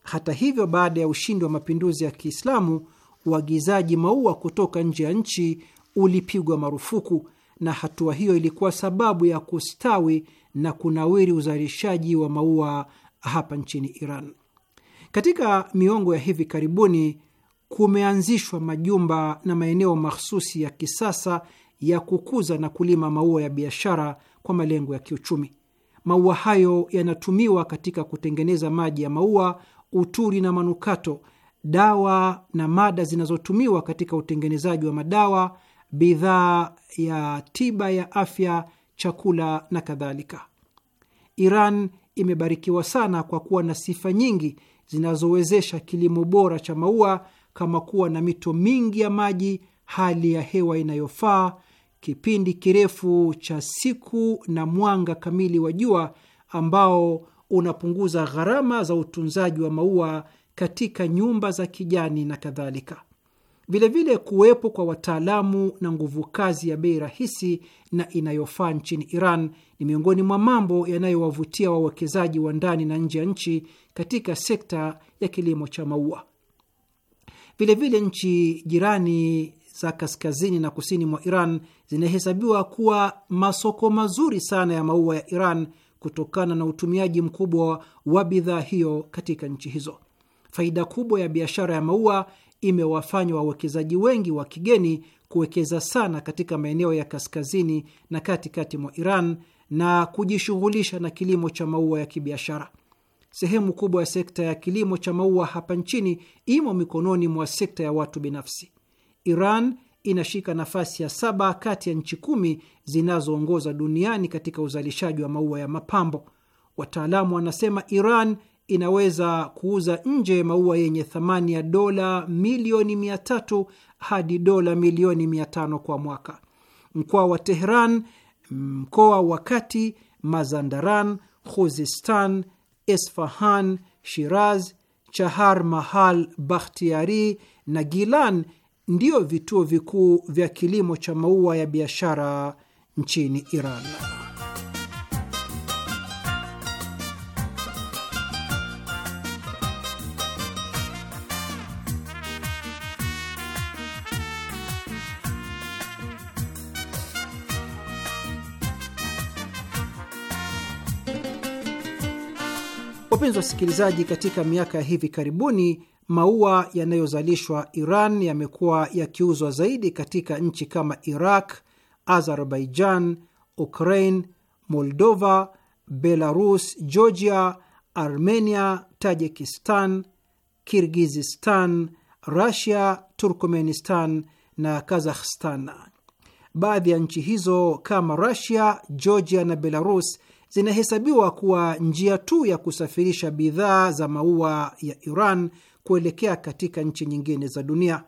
Hata hivyo, baada ya ushindi wa mapinduzi ya Kiislamu, uagizaji maua kutoka nje ya nchi ulipigwa marufuku na hatua hiyo ilikuwa sababu ya kustawi na kunawiri uzalishaji wa maua hapa nchini Iran. Katika miongo ya hivi karibuni kumeanzishwa majumba na maeneo mahsusi ya kisasa ya kukuza na kulima maua ya biashara kwa malengo ya kiuchumi. Maua hayo yanatumiwa katika kutengeneza maji ya maua, uturi na manukato, dawa na mada zinazotumiwa katika utengenezaji wa madawa, bidhaa ya tiba ya afya, chakula na kadhalika. Iran imebarikiwa sana kwa kuwa na sifa nyingi zinazowezesha kilimo bora cha maua kama kuwa na mito mingi ya maji, hali ya hewa inayofaa, kipindi kirefu cha siku na mwanga kamili wa jua ambao unapunguza gharama za utunzaji wa maua katika nyumba za kijani na kadhalika. Vilevile, kuwepo kwa wataalamu na nguvu kazi ya bei rahisi na inayofaa nchini Iran ni miongoni mwa mambo yanayowavutia wawekezaji wa ndani na nje ya nchi katika sekta ya kilimo cha maua. Vilevile, nchi jirani za kaskazini na kusini mwa Iran zinahesabiwa kuwa masoko mazuri sana ya maua ya Iran kutokana na utumiaji mkubwa wa bidhaa hiyo katika nchi hizo. Faida kubwa ya biashara ya maua imewafanywa wawekezaji wengi wa kigeni kuwekeza sana katika maeneo ya kaskazini na katikati mwa Iran na kujishughulisha na kilimo cha maua ya kibiashara. Sehemu kubwa ya sekta ya kilimo cha maua hapa nchini imo mikononi mwa sekta ya watu binafsi. Iran inashika nafasi ya saba kati ya nchi kumi zinazoongoza duniani katika uzalishaji wa maua ya mapambo. Wataalamu wanasema Iran inaweza kuuza nje maua yenye thamani ya dola milioni mia tatu hadi dola milioni mia tano kwa mwaka. Mkoa wa Tehran, mkoa wa kati, Mazandaran, Khuzistan, Esfahan, Shiraz, Chahar Mahal, Bakhtiari na Gilan ndiyo vituo vikuu vya kilimo cha maua ya biashara nchini Iran. Wapenzi wasikilizaji, katika miaka ya hivi karibuni maua yanayozalishwa Iran yamekuwa yakiuzwa zaidi katika nchi kama Iraq, Azerbaijan, Ukraine, Moldova, Belarus, Georgia, Armenia, Tajikistan, Kirgizistan, Rusia, Turkmenistan na Kazakhstan. Baadhi ya nchi hizo kama Rusia, Georgia na Belarus zinahesabiwa kuwa njia tu ya kusafirisha bidhaa za maua ya Iran kuelekea katika nchi nyingine za dunia.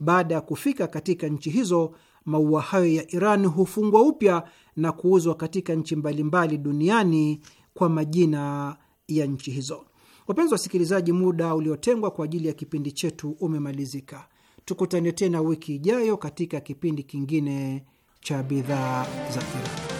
Baada ya kufika katika nchi hizo, maua hayo ya Iran hufungwa upya na kuuzwa katika nchi mbalimbali duniani kwa majina ya nchi hizo. Wapenzi wasikilizaji, muda uliotengwa kwa ajili ya kipindi chetu umemalizika. Tukutane tena wiki ijayo katika kipindi kingine cha bidhaa za Iran.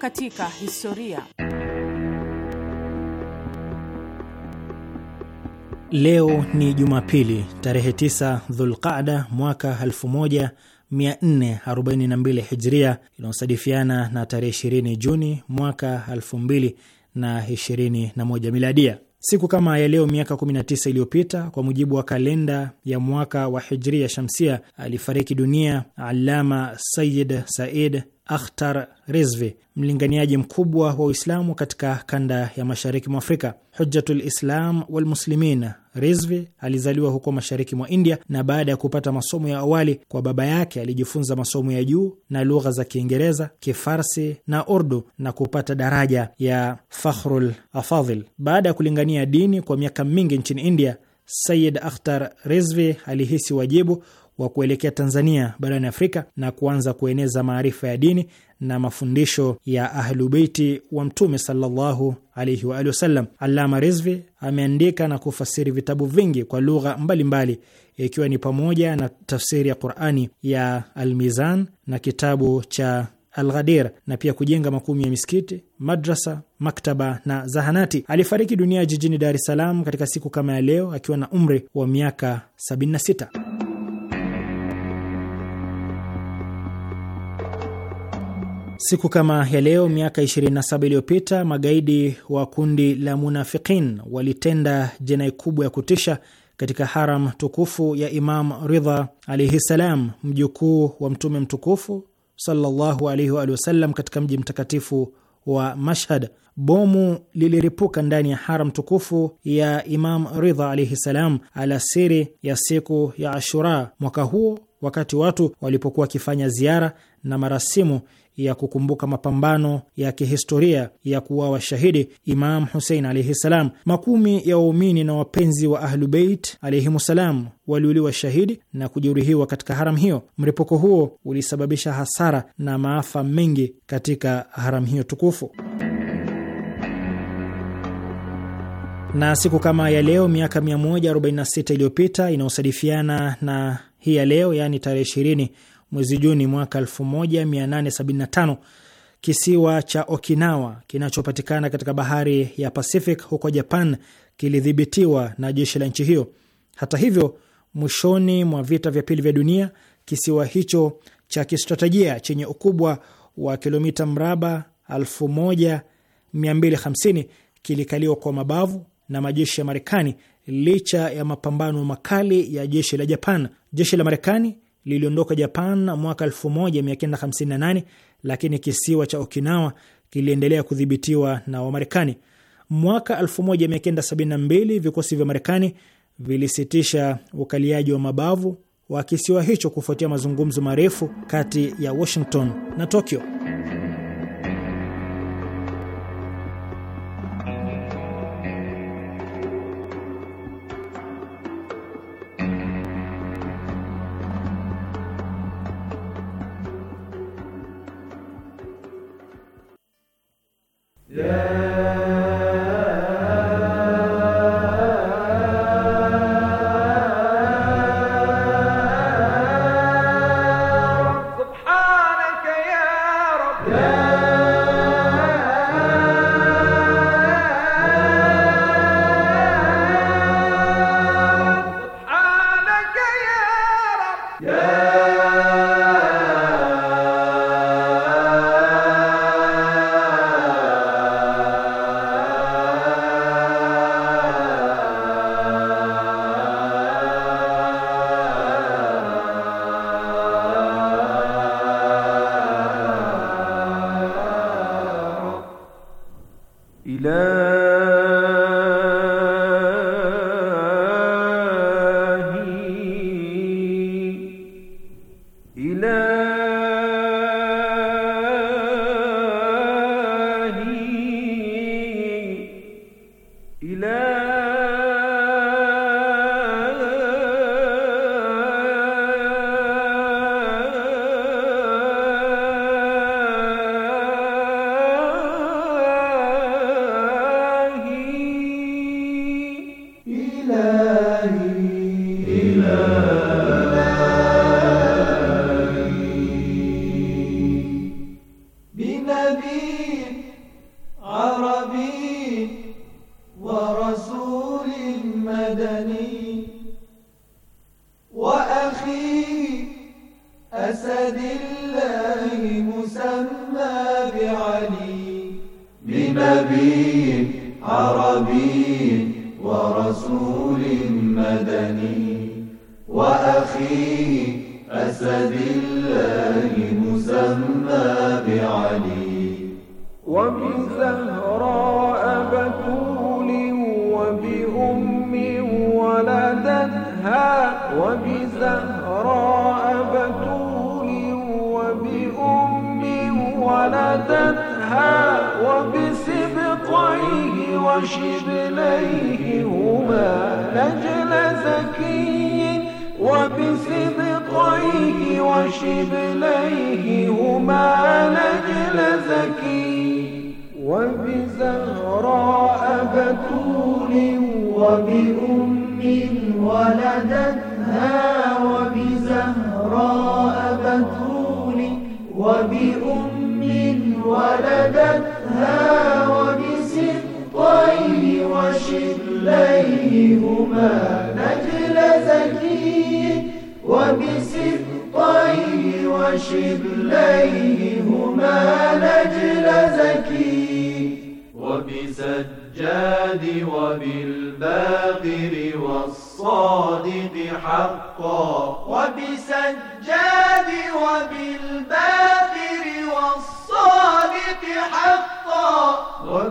katika historia. Leo ni Jumapili tarehe 9 Dhulqada mwaka 1442 Hijria, inayosadifiana na tarehe 20 Juni mwaka 2021 Miladia. Siku kama ya leo miaka 19 iliyopita kwa mujibu wa kalenda ya mwaka wa Hijria Shamsia alifariki dunia Alama Sayid Said Akhtar Rizvi, mlinganiaji mkubwa wa Uislamu katika kanda ya mashariki mwa Afrika. hujatu lislam walmuslimin Rizvi alizaliwa huko mashariki mwa India, na baada ya kupata masomo ya awali kwa baba yake alijifunza masomo ya juu na lugha za Kiingereza, Kifarsi na Urdu na kupata daraja ya Fakhrul Afadhil. Baada ya kulingania dini kwa miaka mingi nchini India, Sayid Akhtar Rizvi alihisi wajibu wa kuelekea Tanzania barani Afrika na kuanza kueneza maarifa ya dini na mafundisho ya Ahlubeiti wa Mtume sallallahu alaihi wa alihi wasallam. Allama Rizvi ameandika na kufasiri vitabu vingi kwa lugha mbalimbali, ikiwa ni pamoja na tafsiri ya Qurani ya Almizan na kitabu cha Alghadir na pia kujenga makumi ya misikiti, madrasa, maktaba na zahanati. Alifariki dunia jijini Dar es Salaam katika siku kama ya leo akiwa na umri wa miaka 76. Siku kama ya leo miaka 27 iliyopita magaidi wa kundi la Munafiqin walitenda jinai kubwa ya kutisha katika haram tukufu ya Imam Ridha alaihi salam, mjukuu wa Mtume mtukufu sallallahu alaihi wa sallam, katika mji mtakatifu wa Mashhad. Bomu liliripuka ndani ya haram tukufu ya Imam Ridha alaihi salam alasiri ya siku ya Ashura mwaka huo, wakati watu walipokuwa wakifanya ziara na marasimu ya kukumbuka mapambano ya kihistoria ya kuwawa shahidi Imam Husein alaihi ssalam. Makumi ya waumini na wapenzi wa Ahlubeit alaihimussalam waliuliwa shahidi na kujeruhiwa katika haram hiyo. mripuko huo ulisababisha hasara na maafa mengi katika haram hiyo tukufu. Na siku kama ya leo miaka 146 iliyopita inayosadifiana na hii ya leo, yaani tarehe 20 mwezi Juni mwaka 1875 kisiwa cha Okinawa kinachopatikana katika bahari ya Pacific huko Japan kilidhibitiwa na jeshi la nchi hiyo. Hata hivyo, mwishoni mwa vita vya pili vya dunia kisiwa hicho cha kistratejia chenye ukubwa wa kilomita mraba 1250 kilikaliwa kwa mabavu na majeshi ya Marekani licha ya mapambano makali ya jeshi la Japan. Jeshi la Marekani liliondoka Japan mwaka 1958 lakini kisiwa cha Okinawa kiliendelea kudhibitiwa na Wamarekani. Mwaka 1972 vikosi vya Marekani vilisitisha ukaliaji wa mabavu wa kisiwa hicho kufuatia mazungumzo marefu kati ya Washington na Tokyo.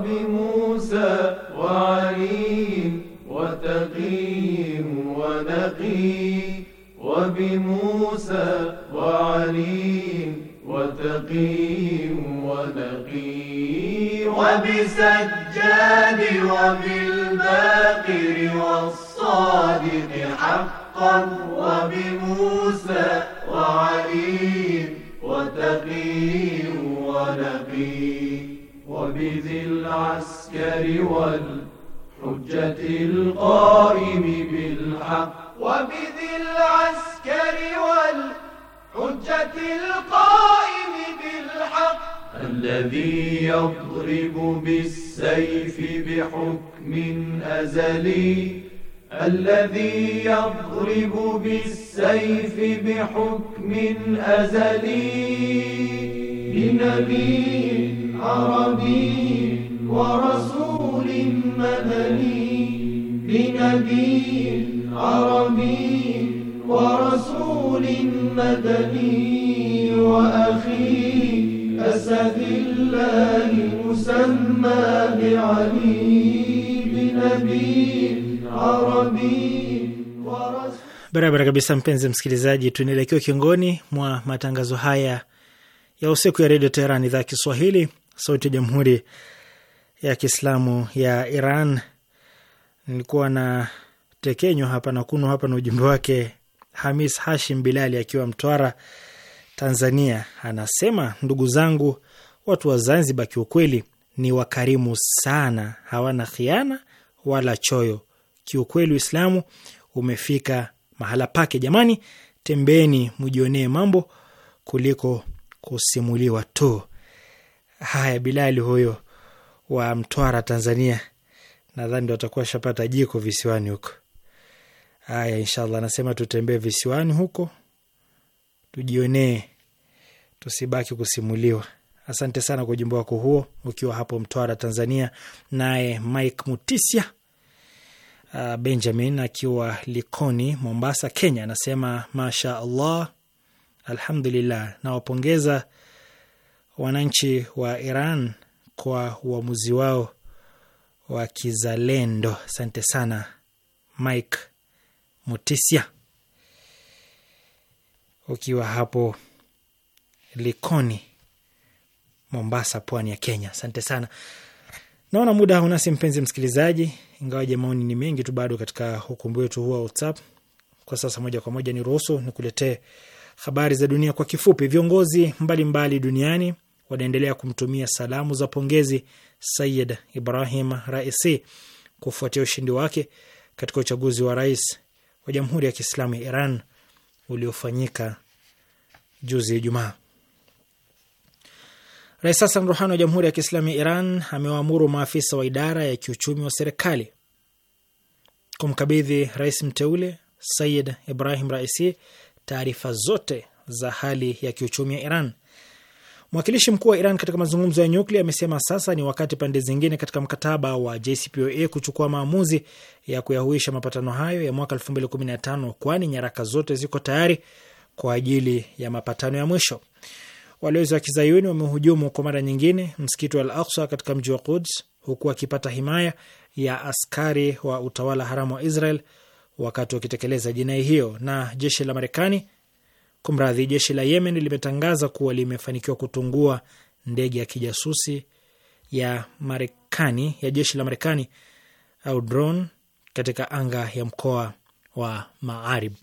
بمؤمنين kabisa mpenzi msikilizaji, tunaelekea kiongoni mwa matangazo haya ya usiku ya redio Teheran, idhaa ya Kiswahili, sauti ya jamhuri ya kiislamu ya Iran. Nilikuwa na tekenywa hapa na kunwa hapa na ujumbe wake Hamis Hashim Bilali akiwa Mtwara, Tanzania, anasema ndugu zangu, watu wa Zanzibar kiukweli ni wakarimu sana, hawana khiana wala choyo. Kiukweli Uislamu umefika mahala pake. Jamani, tembeni mjionee mambo kuliko kusimuliwa tu. Haya, Bilali huyo wa Mtwara, Tanzania, nadhani ndo atakuwa shapata jiko visiwani huko. Haya, inshallah, anasema tutembee visiwani huko tujionee, tusibaki kusimuliwa. Asante sana kwa ujumbe wako huo ukiwa hapo Mtwara, Tanzania. Naye Mike Mutisia Uh, Benjamin akiwa Likoni, Mombasa, Kenya, anasema masha Allah, alhamdulillah. Nawapongeza wananchi wa Iran kwa uamuzi wao wa kizalendo. Asante sana Mike Mutisia ukiwa hapo Likoni, Mombasa, pwani ya Kenya. Asante sana. Naona muda haunasi mpenzi msikilizaji, ingawaje maoni ni mengi tu bado katika ukumbi wetu huu wa WhatsApp. Kwa sasa moja kwa moja ni ruhusu ni kuletee habari za dunia kwa kifupi. Viongozi mbalimbali mbali duniani wanaendelea kumtumia salamu za pongezi Sayid Ibrahim Raisi kufuatia ushindi wake katika uchaguzi wa rais wa Jamhuri ya Kiislamu ya Iran uliofanyika juzi Ijumaa. Rais Hassan Ruhani wa Jamhuri ya Kiislamu ya Iran amewaamuru maafisa wa idara ya kiuchumi wa serikali kumkabidhi rais mteule Sayid Ibrahim Raisi taarifa zote za hali ya kiuchumi ya Iran. Mwakilishi mkuu wa Iran katika mazungumzo ya nyuklia amesema sasa ni wakati pande zingine katika mkataba wa JCPOA kuchukua maamuzi ya kuyahuisha mapatano hayo ya mwaka 2015 kwani nyaraka zote ziko tayari kwa ajili ya mapatano ya mwisho walowezi wa kizayuni wamehujumu kwa mara nyingine msikiti wa Al Aksa katika mji wa Quds huku wakipata himaya ya askari wa utawala haramu wa Israel wakati wakitekeleza jinai hiyo. Na jeshi la Marekani, kumradhi, jeshi la Yemen limetangaza kuwa limefanikiwa kutungua ndege ya kijasusi ya Marekani ya jeshi la Marekani au drone katika anga ya mkoa wa Maarib.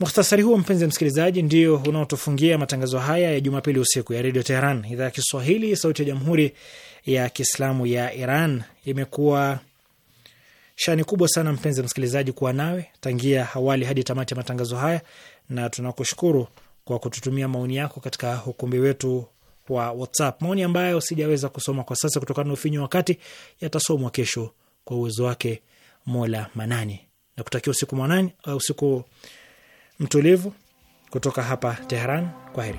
Muhtasari huo mpenzi msikilizaji, ndio unaotufungia matangazo haya ya Jumapili usiku ya redio Teheran, idhaa ya Kiswahili, sauti ya jamhuri ya kiislamu ya Iran. Imekuwa shani kubwa sana mpenzi msikilizaji, kuwa nawe tangia awali hadi tamati ya matangazo haya, na tunakushukuru kwa kututumia maoni yako katika ukumbi wetu wa WhatsApp, maoni ambayo sijaweza kusoma kwa sasa kutokana na ufinyu wakati, yatasomwa kesho kwa uwezo wake Mola Manani. Nakutakia usiku mwanani, uh, usiku mtulivu kutoka hapa teheran kwa Kwaheri.